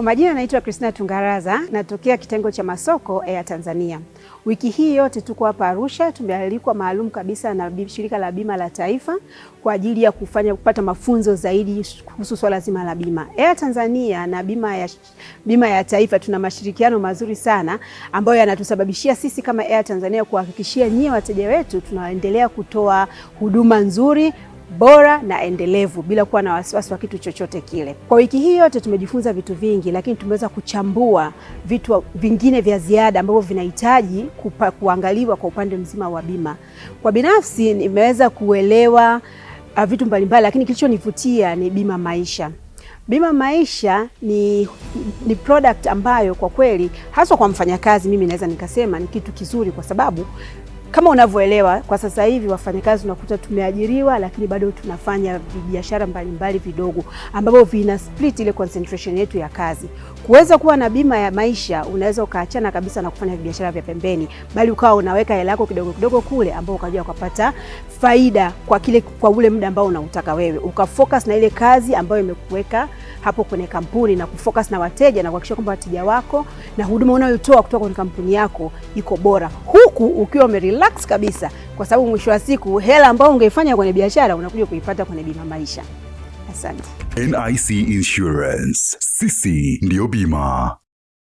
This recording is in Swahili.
Kwa majina naitwa Christina Tungaraza, natokea kitengo cha masoko Air Tanzania. Wiki hii yote tuko hapa Arusha, tumealikwa maalum kabisa na shirika la bima la taifa kwa ajili ya kufanya kupata mafunzo zaidi kuhusu swala zima la bima. Air Tanzania na bima ya, bima ya taifa tuna mashirikiano mazuri sana ambayo yanatusababishia sisi kama Air Tanzania kuhakikishia nyie wateja wetu tunaendelea kutoa huduma nzuri bora na endelevu bila kuwa na wasiwasi wa kitu chochote kile. Kwa wiki hii yote tumejifunza vitu vingi, lakini tumeweza kuchambua vitu vingine vya ziada ambavyo vinahitaji kuangaliwa kwa upande mzima wa bima. Kwa binafsi nimeweza kuelewa uh, vitu mbalimbali, lakini kilichonivutia ni bima maisha. Bima maisha ni, ni product ambayo kwa kweli haswa kwa mfanyakazi mimi naweza nikasema ni kitu kizuri, kwa sababu kama unavyoelewa kwa sasa hivi wafanyakazi unakuta tumeajiriwa, lakini bado tunafanya biashara mbalimbali vidogo ambavyo vina split ile concentration yetu ya kazi. Kuweza kuwa na bima ya maisha, unaweza ukaachana kabisa na kufanya biashara vya pembeni, bali ukawa unaweka hela yako kidogo kidogo kule, ambao ukaja ukapata faida kwa kile, kwa ule muda ambao unautaka wewe, ukafocus na ile kazi ambayo imekuweka hapo kwenye kampuni na kufocus na wateja na kuhakikisha kwamba wateja wako na huduma unayotoa kutoka kwenye kampuni yako iko bora, huku ukiwa umerelax kabisa, kwa sababu mwisho wa siku hela ambayo ungeifanya kwenye biashara unakuja kuipata kwenye bima maisha. Asante. NIC Insurance, sisi ndio bima.